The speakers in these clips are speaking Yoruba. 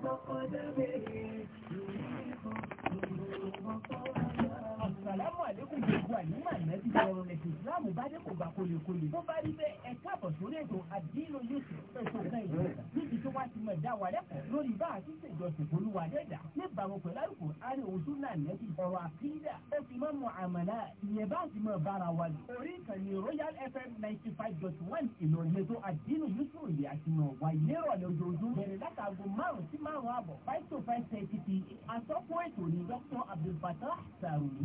Àsàlámù àlékún gbogbo ànímà nẹ́bí ẹ̀rọ lẹ́sì ìsìláàmù bá dé kò gbà kólé ẹ̀ka àbọ̀ sórí ètò àdínú Yusuf ètò wá ti mọ̀ ẹ̀dá wa lẹ́kọ̀ọ́ lórí bá a ti ṣèjọsìn olúwa dẹ́dà níbàámu pẹ̀lú àlùkò àrí òṣù náà nẹ́bí ọ̀rọ̀ àkídà ó fi mọ́ mu àmàlà ìyẹn bá a ti mọ̀ bára wa lò. orí ìkànnì royal fm ninety five dot one ìlọrin ètò àdínú yusuf yìí àti mọ̀ wá ìlérọ̀lẹ́ ojoojúmọ́ bẹ̀rẹ̀ látàgò márùn sí márùn àbọ̀ five to five thirty p àsọ̀kún ètò ní dr abdulfatah sàrùmí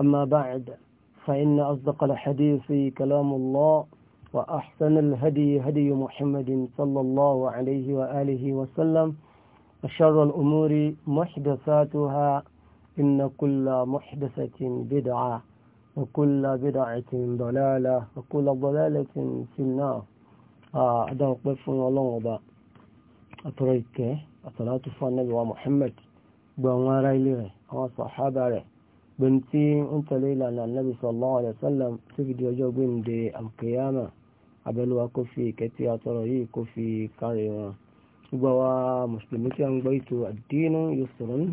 أما بعد فإن أصدق الحديث كلام الله وأحسن الهدي هدي محمد صلى الله عليه وآله وسلم وشر الأمور محدثاتها إن كل محدثة بدعة وكل بدعة ضلالة وكل ضلالة في النار أدعو قفل الله أتريك أتلاتف النبي ومحمد بأمار إليه وصحابه gbẹ̀ntí ń tẹ̀lé ìlànà anábì sallallahu alaihi wasallam tó fi di ọjọ́ gbẹ̀ǹde alkiyama abẹ́lúwa kó fi ìkẹ́tì àtọ̀rọ̀ yìí kó fi kárí wọn. gbogbo àwa mùsùlùmí tí a ń gbọ́ ètò ad-dinu yusrun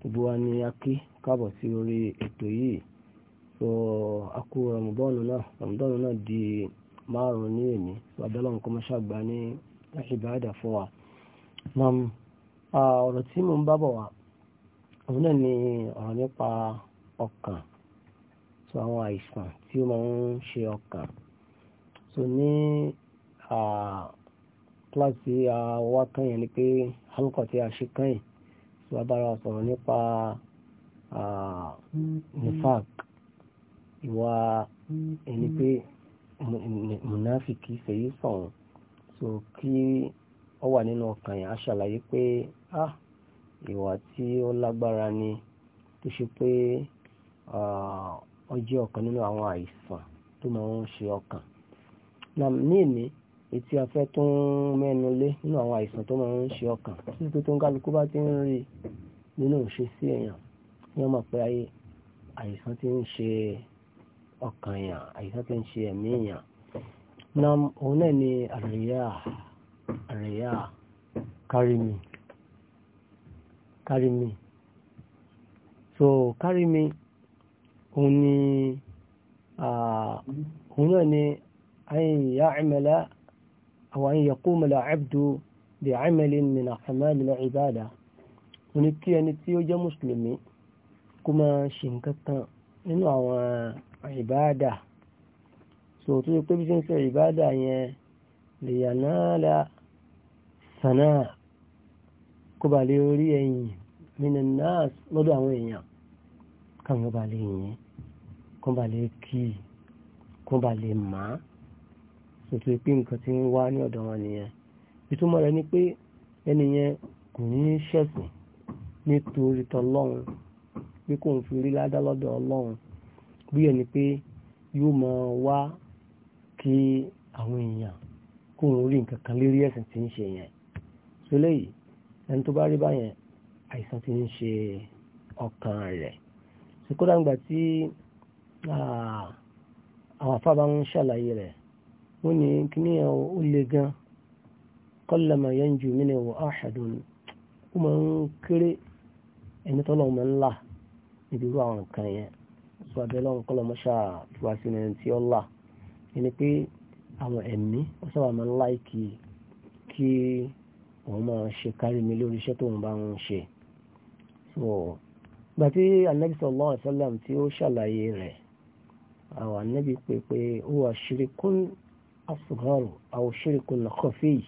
gbogbo wa ni a kí káàbọ̀ sí orí ètò yìí so a kú náà rọmọdọ́ọ̀nù náà di márùn ní èmi so abẹ́lọ́ nǹkan mọ́ṣá gbà ní ìbáàdà fún wa. ọ̀rọ̀ tí mo ń bábọ̀ wá òun náà ni ọ̀rọ̀ nípa ọkàn so àwọn àìsàn tí ó máa ń ṣe ọkàn so ní kíláàsì àwa kẹ́yìn ni pé alukọ̀ tí a ṣe kẹ́yìn tí wọ́n bára sọ̀rọ̀ nípa nifak ìwà ẹni pé munafiki ṣèyí sọ̀rọ̀ so kí ó wà nínú ọkàn yẹn a ṣàlàyé pé ah ìwà tí ó lágbára ni tó ṣe pé. ó jẹ́ ọ̀kan nínú àwọn àìsàn tó máa ń ṣe ọkàn ní èmi etí afẹ́ tó ń mẹ́nu lé nínú àwọn àìsàn tó máa ń ṣe ọkàn títí pé tó ń kálukú bá ti ń rí nínú ìṣe sí èèyàn ní ọmọ pé ayé àìsàn ti ń ṣe ọkàn èèyàn àìsàn ti ń ṣe ẹ̀mí èèyàn náà òun náà ni àríyá àríyá kárìmì kárìmì so kárìmì òun ni òun náà ni ayin ya amala àwọn ayin yaquma al-abdu bi amalin min a'mali al-ibada òun ni kí ẹni tí ó jẹ́ mùsùlùmí kó máa ṣe nǹkan kan nínú àwọn ìbáàdà so tó yẹ pé bí ṣe ń ṣe ìbáàdà yẹn lè yànà la sànà kó ba lè rí ẹ̀yìn nínú náà lọ́dọ̀ àwọn èèyàn káwọn yóò bá lè yìn kó bá lè kí i kó bá lè mà á ṣètò pé nǹkan tí ń wá ní ọ̀dọ̀ wọn nìyẹn ìtumọ̀ rẹ̀ ni pé ẹni yẹn kò ní í ṣẹ̀sìn nítorí tọlọ́run pé kò ń fi rí ládá lọ́dọ̀ ọlọ́run bí ẹni pé yóò máa wá kí àwọn èèyàn kó ń rí nǹkan kan lérí ẹ̀sìn tí ń ṣe yẹn sólẹ́yìí ẹni tó bá rí báyẹn àìsàn tí ń ṣe ọkàn rẹ̀ sùkúrà ń gbà tí àwọn afábá ń ṣàlàyé rẹ̀ wọ́n ní kíní ó le gan kọ́lẹ̀mà yẹn jù mí ni wọ́n áhàdùn ó máa ń kéré ẹni tọ́lọ̀ ọmọ ńlá níbi irú àwọn nǹkan yẹn sọ abẹ́lọ́run kọ́lọ̀mọ́ ṣàtúwá sí ẹni tí ó là ẹni pé àwọn ẹ̀mí ó sábà máa ń láìkì kí òun máa ṣe kárí mi lórí iṣẹ́ tóun bá ń ṣe gbàtí anabi sallallahu alaihi wasallam tí ó ṣàlàyé rẹ̀ àwọn anabi pé pé ó wà ṣirikún asgharu aw ṣirikún khafi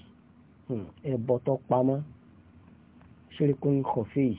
hmm, ẹbọ tó pamọ́ ṣirikún khafi